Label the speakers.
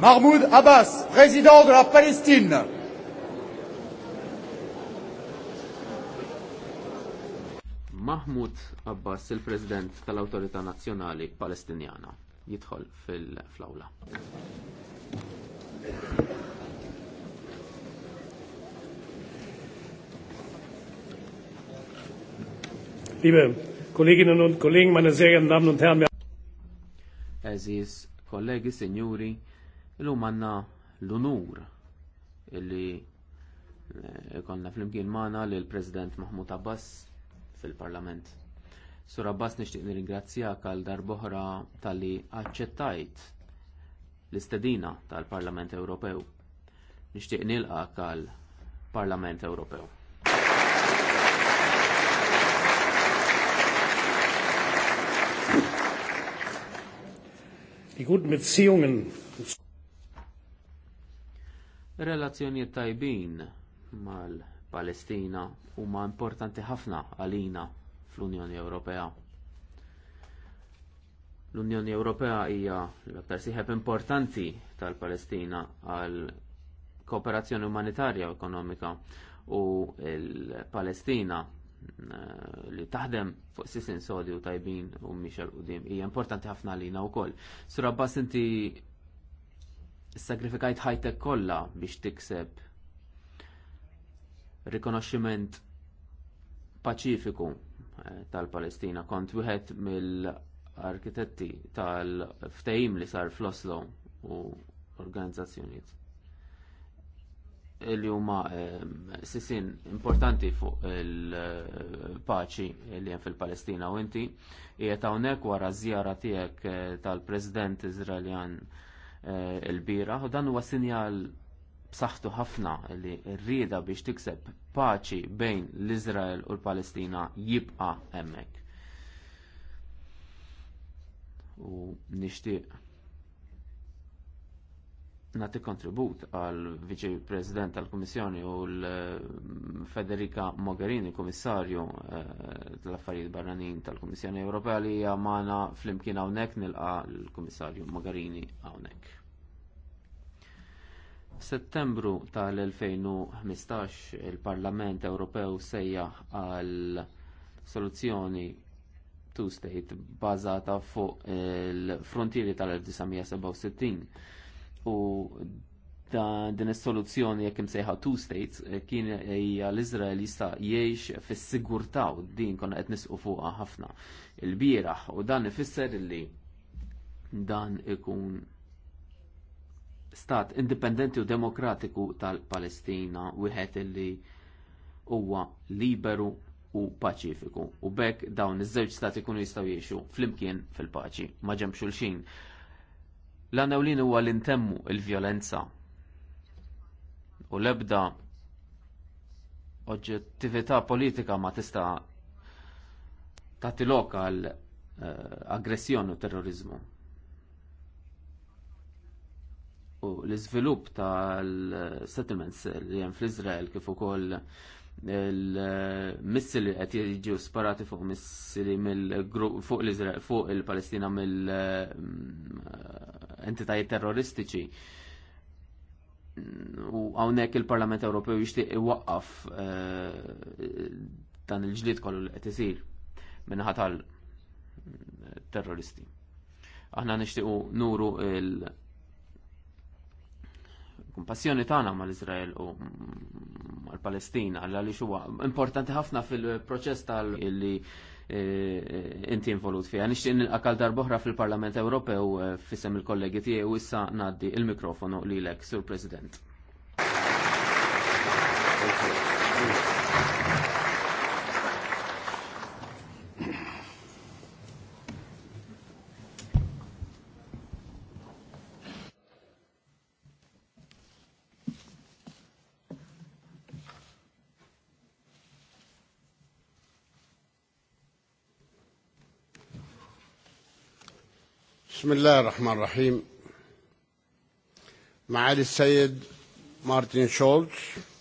Speaker 1: Mahmoud Abbas, président de la Palestine. Mahmoud Abbas, il-President tal-Autorità Nazzjonali Palestinjana, jidħol fil-flawla. Liebe Kolleginnen und Kollegen, meine sehr geehrten Damen und Herren, Aziz, kollegi, signori, il għandna l-unur illi eh, konna flimkien li lill president Mahmud Abbas fil-Parlament. Sur Abbas nixtieq nirringrazzjak għal darboħra talli għacċettajt l-istedina tal-Parlament Ewropew. Nixtieq nilqak kal Parlament Ewropew. Die guten Beziehungen Relazzjonijiet tajbin mal-Palestina huma importanti ħafna għalina fl-Unjoni Ewropea. L-Unjoni Ewropea hija l-aktar siħeb importanti tal-Palestina għal kooperazzjoni umanitarja u ekonomika u l-Palestina eh, li taħdem fuq sisin sodi u tajbin u miex l Hija importanti ħafna għalina wkoll. Sura Abbas inti sagrifikajt ħajtek kollha biex tikseb rikonoxximent paċifiku eh, tal-Palestina kont wieħed mill-arkitetti tal-ftehim li sar fl-Oslo u organizzazzjonijiet li huma eh, sisin importanti fuq il-paċi li hemm fil-Palestina u inti qiegħed hawnhekk wara żjara tiegħek eh, tal-President Iżraeljan Eh, il-bira u dan huwa sinjal b'saħħtu ħafna li rrieda biex tikseb paċi bejn l-Iżrael u l-Palestina jibqa' hemmhekk. U nixtieq nati kontribut għal viċi President tal kummissjoni u l-Federica mm, Mogherini, komissarju eh, tal-Affarijiet Barranin tal kummissjoni Ewropea li hija magħna flimkien hawnhekk nilqa l-Kummissarju Mogherini hawnhekk. Settembru tal-2015 il-Parlament Ewropew sejja għal soluzzjoni two-state bazata fuq il-frontieri tal-1967 u da din is-soluzzjoni jekk imsejħa two states eh, kien hija l-Iżrael jista' jgħix fis-sigurtà u din konna qed nisqu fuqha ħafna il-bieraħ u dan ifisser li dan ikun stat indipendenti u demokratiku tal-Palestina wieħed li huwa liberu u paċifiku u bekk dawn iż-żewġ stati jkunu jistgħu jgħixu flimkien fil-paċi ma ġemx xulxin. L-għanewlin huwa l-intemmu il-violenza u l-ebda oġġettività politika ma tista tagħti loka għal eh, aggressjoni u terrorizmu. U l-iżvilupp tal-settlements li hemm fl-Iżrael kif ukoll il-missili qed jiġu sparati fuq missili mill fuq l izrael fuq il-Palestina mill entitajiet terroristiċi. U għawnek il-Parlament Ewropew jixtieq iwaqqaf eh, dan il ġlid kollu li għetisir isir ħatal terroristi Aħna nixtiequ nuru il- kumpassjoni tagħna mal-Iżrael u mal-Palestina għaliex huwa importanti ħafna fil-proċess tal-li Eh, inti involut fija. Nixtieq nilqakal boħra fil-Parlament Ewropew eh, fisem il-kollegi tiegħi u issa ngħaddi il-mikrofonu lilek, Sur President. Thank you. بسم الله الرحمن الرحيم معالي السيد مارتن شولتز